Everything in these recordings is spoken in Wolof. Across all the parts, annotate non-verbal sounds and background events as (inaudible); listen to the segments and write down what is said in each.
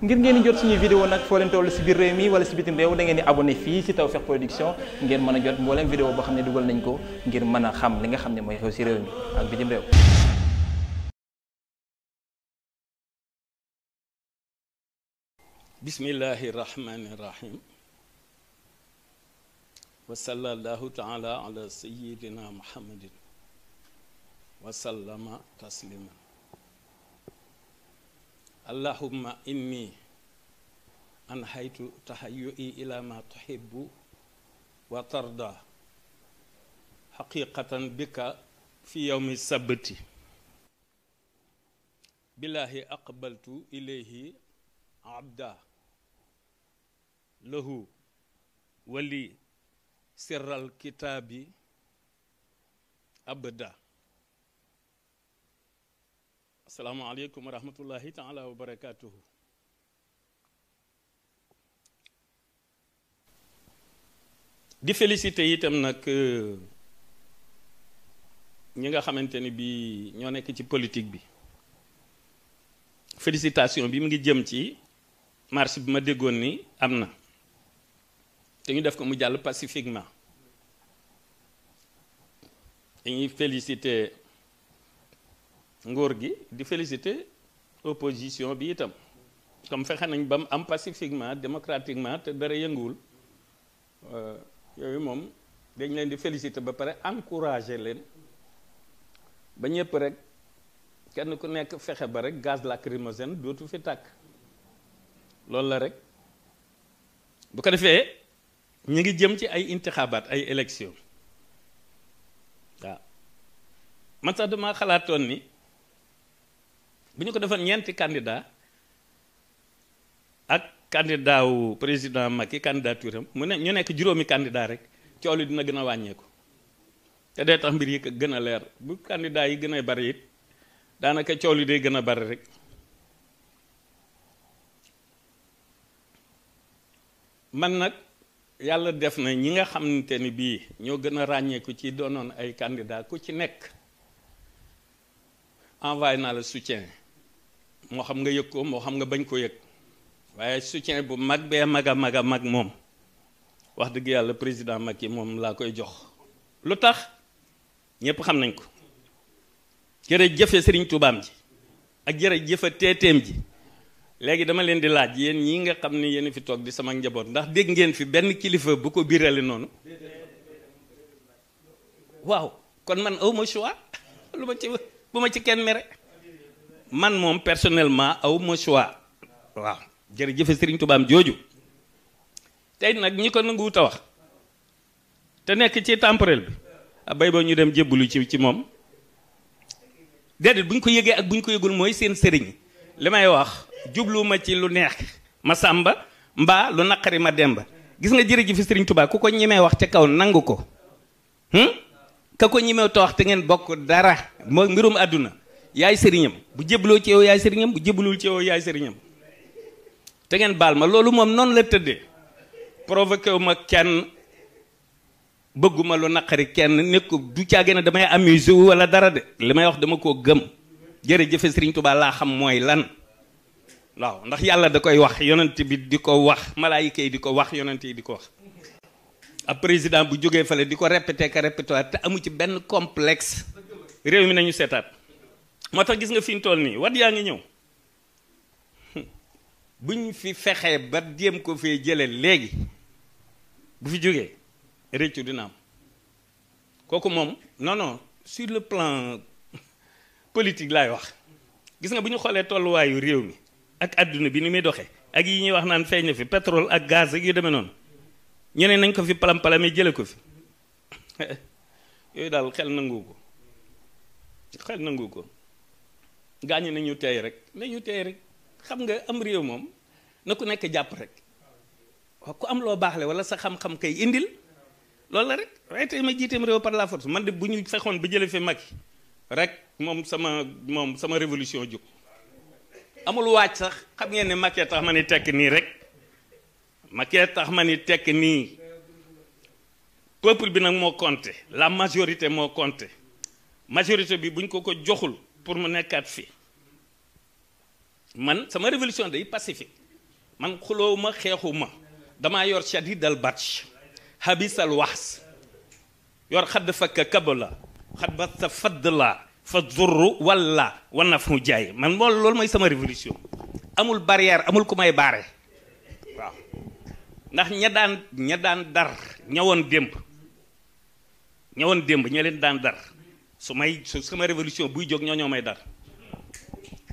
ngir ngeen jot suñuy vidéo nag foo leen si biir réew mi wala si bitim réew da ngeen di abonné fii si Tawfekh Production ngeen mën a jot mbooleem vidéo boo xam ne dugal nañ ko ngir mën a xam li nga xam ne mooy xew si réew mi ak bitim réew bismillahi rahmani rahim wa sallallahu taala ala sayidina muhammadin wa sallama allahumma inni an haytu tahayyui ila ma tuhibbu wa tarda xaqiqatan bika fi yowmi sabti billaahi aqbaltu ilayhi abda lahu wali sirral kitaabi abda asalaamaaleykum wa rahmatullahi taala wa barakaatuhu di félicité itam nag euh, ñi nga xamante ni bi ñoo nekk ci politique bi félicitation bi mu ngi jëm ci marche bi ma déggoon ni am na te ñu def ko mu jàll pacifiquement dañuy félicité nguur gi di féliciter opposition bi itam comme fexe nañ ba mu am pacifiquement démocratiquement te dara yënguwul euh, yooyu moom dañ leen di féliciter ba pare encourager leen ba ñëpp rek kenn ku nekk fexe ba rek gaz lacrymogène dootu fi tàkk loolu la rek bu ko defee ñu ngi jëm ci ay intixaabaat ay élection waaw man sax dama xalaatoon ni bu ñu ko defal ñeenti candidat ak candidat président Macky candidature am mu ne ñu nekk juróomi candidat rek coow li dina gën a wàññeeku te day tax mbir yi gën a leer bu candidat yi gën a bari it daanaka coow li day gën a bari rek man nag yàlla def na ñi nga xamante ni bii ñoo gën a ràññeeku ci doonoon ay kandidaa ku ci nekk envoyé naa la soutien moo xam nga yëg ko moo xam nga bañ ko yëg waaye soutien bu mag bee mag a mag a mag moom wax dëgg yàlla président mag yi moom laa koy jox lu tax ñépp xam nañ ko jërëjëfe sëriñ tubaam ji ak jërëjëfe teeteem ji léegi dama leen di laaj yéen ñi nga xam ne yéen fi toog di sama njaboot ndax dégg ngeen fi benn kilifa bu ko birale noonu waaw kon man awma choix (laughs) lu ma ci bu ma ci kenn mere man moom personnellement aw ma choix waaw jërëjëfe sëriñ tubaam jooju tey nag ñi ko nanguwut wax te nekk ci temporel bi ah, bay boo ñu dem jébbalu ci ci moom déedéet bu ñu ko yëgee ak bu ñu ko yëgul mooy seen sëriñ li may wax jubluwuma ci lu neex ma sàmba mbaa lu naqari ma demba gis nga jër jërëjëfe sëriñ tubaa ku ko ñemee wax ca kaw nangu ko hmm? ka ko ñemee te wax te ngeen bokk dara moo mbirum àdduna yaay sëriñam bu jébbaloo ci yow yaay sëriñam bu jébbalul ci yow yaay sëriñam te ngeen baal ma loolu moom noonu la tëddee provoqué wu ma kenn bëgguma lu naqari kenn nekku du caage na damay amusé wu wala dara de li may wax dama ko gëm jërëjëf sëriñ Tuubaa laa xam mooy lan waaw ndax yàlla da koy wax yonent bi di ko wax malaayika yi di ko wax yonent yi di ko wax ab président bu jógee fale di ko répété ka répétoire te amu ci benn complexe réew mi nañu seetaat moo tax gis nga fi ñu toll nii wat yaa ngi ñëw (laughs) bu ñu fi fexee ba jéem ko fee jële léegi bu fi jógee réccu dina kooku moom non sur le plan (laughs) politique laay wax gis nga bu ñu xoolee tolluwaayu réew mi ak àdduna bi ni muy doxee ak yi ñuy wax naan feeñ na fi pétrole ak gaz ak yu demee noonu ñeneen nañ ko fi palam-palamee jële ko fi (laughs) yooyu daal xel nangu ko xel nangu ko gaañu nañu tey rek nañu tey rek xam nga am réew moom na ku nekk jàpp rek waaw ku am loo baax baaxle wala sa xam-xam kay indil loolu la rek waaye tey ma jiiteem réew par la force man de bu ñu fexoon bu jële fi Macky rek moom sama moom sama révolution jóg amul waaj sax xam ngeen ne Macky tax ma ni tekk nii rek Macky tax ma ni tekk nii peuple bi nag moo compté la majorité moo compté majorité bi buñ ko ko joxul pour mu nekkaat fii man sama révolution day pacifique man xuloo ma xeexu ma damaa yor shadid al batch habis al yor xadd fakka kabala xad ba sa fadd la fa zurru walla wan na fu jaay man mool loolu may sama révolution amul barrière amul ku may baare waaw ndax ña daan ña daan dar ñawoon woon démb ña woon démb ña leen daan dar su may su sama révolution buy jóg ñoo ñoo may dara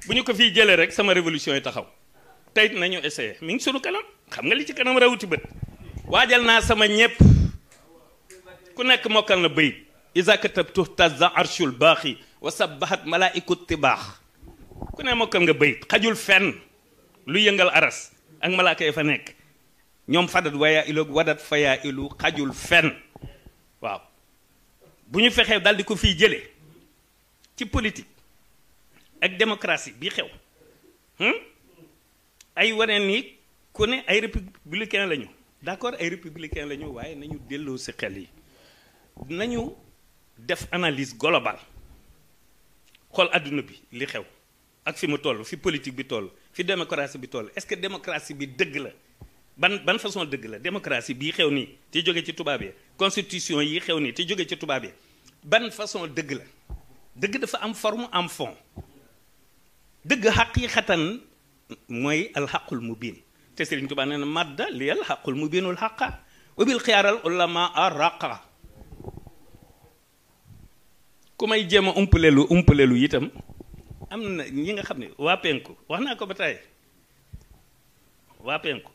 bu ñu ko fi jëlee rek sama révolution yi taxaw tey nañu essayé mi ngi sunu kanam xam nga li ci kanam rawuti bët waajal naa sama ñépp ku nekk a na bayit isa katabtu tazza arshul baaxi wa sabbahat malaa'iku tibaax ku ne mokkal nga bayit xajul fenn lu yëngal aras ak malaaka yi fa nekk ñoom fadat wayaa iloog wadat fayaa ilu xajul fenn waaw bu ñu fexee daal di ko fiy jëlee ci politique ak démocratie bi xew hmm? ay wane ni ku ne ay républicain la ñu d'accord ay républicain la ñu waaye nañu delloo si xel yi nañu def analyse globale xool àdduna bi li xew ak fi mu tollu fi politique bi toll fi démocratie bi toll est-ce que démocratie bi dëgg la ban ban façon dëgg la démocratie bii xew nii te jóge ci tubaab yi constitution yii xew nii te jóge ci tubaab yi ban façon dëgg la dëgg dafa am forme am fond dëgg yi xatan mooy alxaqul mu biin te Sëriñ Tuubaa nee na madda li alxaqul mubinul xaqa ubil xiyaaral ulama a raqa ku may jéem a umpalelu umpalelu itam am na ñi nga xam ne waa penku wax naa ko ba tey waa penku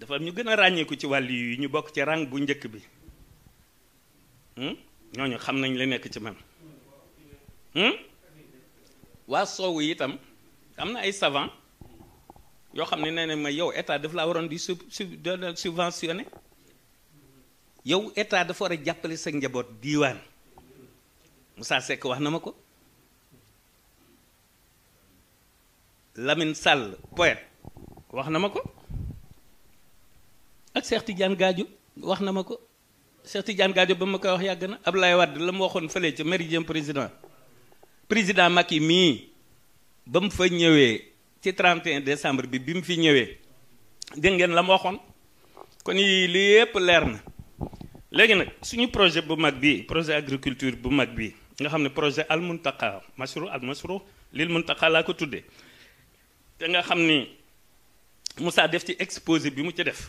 dafa ñu gën a ràññeeku ci wàll yi ñu bokk ci rang bu njëkk bi hmm? ñooñu xam nañ la nekk ci man hmm? waa soowu itam am na ay savant yoo xam ne nee na ma yow état daf laa waroon di su subventionné yow état dafa war a jàppale sa njaboot diiwaan Moussa Seck wax na ma ko lamin Sall poète wax na ma ko ak Cheikh Tidiane Gadio wax na ma ko Cheikh Tidiane Gadio ba ma koy wax yàgg na Abdoulaye Wade la mu waxoon fële ca méridien président président Macky mii ba mu fa ñëwee ci 31 décembre bi bi mu fi ñëwee dégg la mu waxoon kon yii li yëpp leer na léegi nag suñu projet bu mag bi projet agriculture bu mag bii nga xam ne projet al muntaqa masru al masru lil muntaqa laa ko tuddee te nga xam ni Moussa def ci exposé bi mu ci def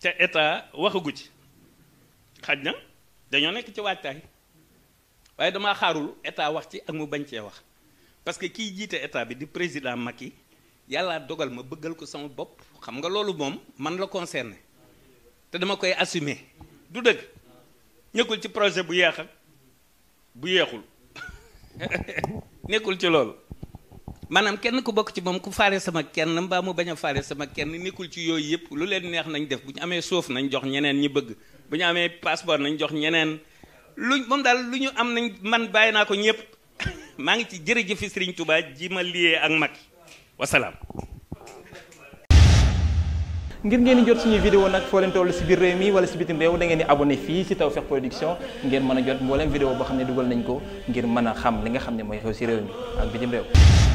ca état waxagu ci xaj na dañoo nekk ci waajtaay waaye damaa xaarul état wax ci ak mu bañ cee wax parce que kiy jiite état bi di président yi yàlla dogal ma bëggal ko sama bopp xam nga loolu moom man la concerné te dama koy assumer du dëgg nekkul ci projet bu yeex bu yeexul (laughs) nekkul ci lool maanaam kenn ku bokk ci moom ku faale sama kenn mbaa mu bañ a faale sama kenn nekkul ci yooyu yëpp lu leen neex nañ def bu ñu amee suuf nañ jox ñeneen ñi bëgg bu ñu amee passeport nañ jox ñeneen lu moom daal lu ñu am nañ man bàyyi naa ko ñëpp (laughs) maa ngi ci jërëjëfi Serigne Touba ji ma liyee ak Macky wasalaam. ngir ngeen jot suñuy vidéo nag foo leen toll si biir réew mi wala si bitim réew da ngeen di abonné fii si Tawfekh Production ngeen mën a jot mbooleem vidéo boo xam ne dugal nañ ko ngir mën a xam li nga xam ne mooy xew si ak bitim réew.